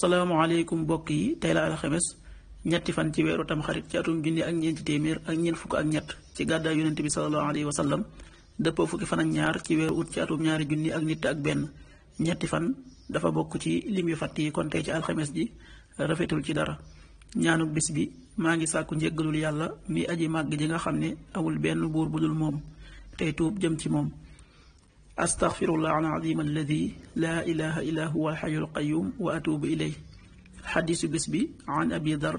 salaamaaleykum mbokk yi tey la alxames ñetti fan ci weeru tamxarit ci atum junni ak ñeenti téeméer ak ñeent fukk ak ñett ci gàddaay yonent bi sallallahu alayhi wa sallam dëppoo fukki fan ak ñaar ci weeru ut ci atum ñaari junni ak nit ak benn ñetti fan dafa bokk ci lim yu yi kon tey ci alxemes ji rafetul ci dara ñaanuk bis bi maa ngi sàkku njéggalul yàlla mi aji màgg ji nga xam ne amul benn buur bu dul moom tey tuub jëm ci moom astaghfirullah alazim alladi laa ilaha illa huwa alxayul qayum wa atubu ilay xadisu bis bi an abi dar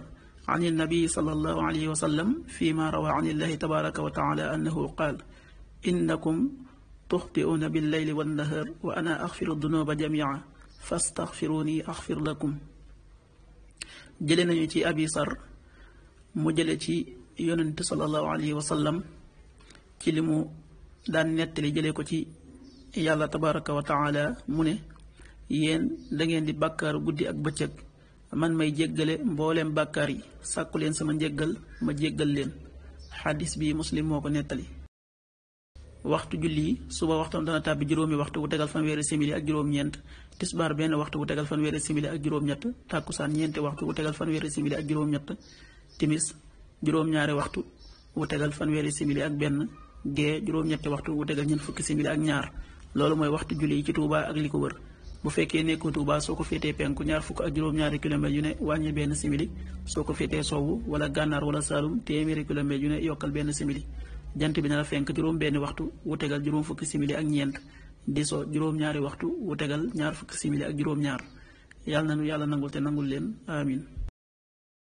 an ilnabii sal allahu alayhi wa sallam fi ma rawa an illahi tabaraka wa taala annahu qaal innakum tuxti'uuna billayli wannahaar wa ana axfiru dunuba jamia fastaxfiruni axfir lakum jële nañu ci abi sar mu jële ci yonent sallallahu alayhi wa sallam ci li mu daan nettali jële ko ci yàlla tabaraka wa taala mu ne yéen dangeen di bàkkaar guddi ak bëccëg man may jéggale mbooleem bàkkaar yi sàkku leen sama njéggal ma jéggal leen xadis bi muslim moo ko nettali waxtu julli suba waxtam dana tàbbi juróomi waxtu wu tegal fanweeri simili ak juróom-ñeent tisbaar benn waxtu wu tegal fanweeri simili ak juróom-ñett tàkkusaan ñeenti waxtu wu tegal fanweeri simili ak juróom-ñett timis juróom-ñaari waxtu wu tegal fanweeri simili ak benn gee juróom waxtu wu tegal ñeent fukki simili ak ñaar loolu mooy waxtu julli yi ci Touba ak li ko wër bu fekkee nekkoo Touba soo ko féetee penku ñaar fukk ak juróom-ñaari kilomètres yu ne wàññi benn simili soo ko féetee sowwu wala gànnaar wala saalum téeméeri kilomètres yu ne yokkal benn simili jant bi na la fenk juróom benn waxtu wu tegal juróom fukki simili ak ñeent di so juróom-ñaari waxtu wu tegal ñaar fukki simili ak juróom-ñaar yàlla na nu yàlla nangul te nangul leen amin